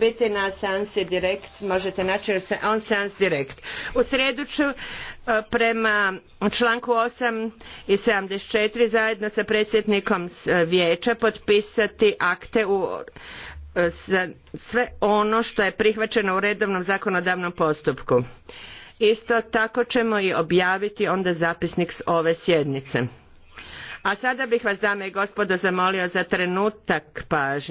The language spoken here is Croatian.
biti na Seansi Direkt, možete naći on Seans Direkt. U sredu ću e, prema članku 8 i 74 zajedno sa predsjednikom e, vijeća potpisati akte u e, sve ono što je prihvaćeno u redovnom zakonodavnom postupku. Isto tako ćemo i objaviti onda zapisnik s ove sjednice. A sada bih vas, dame i gospodo, zamolio za trenutak pažnje.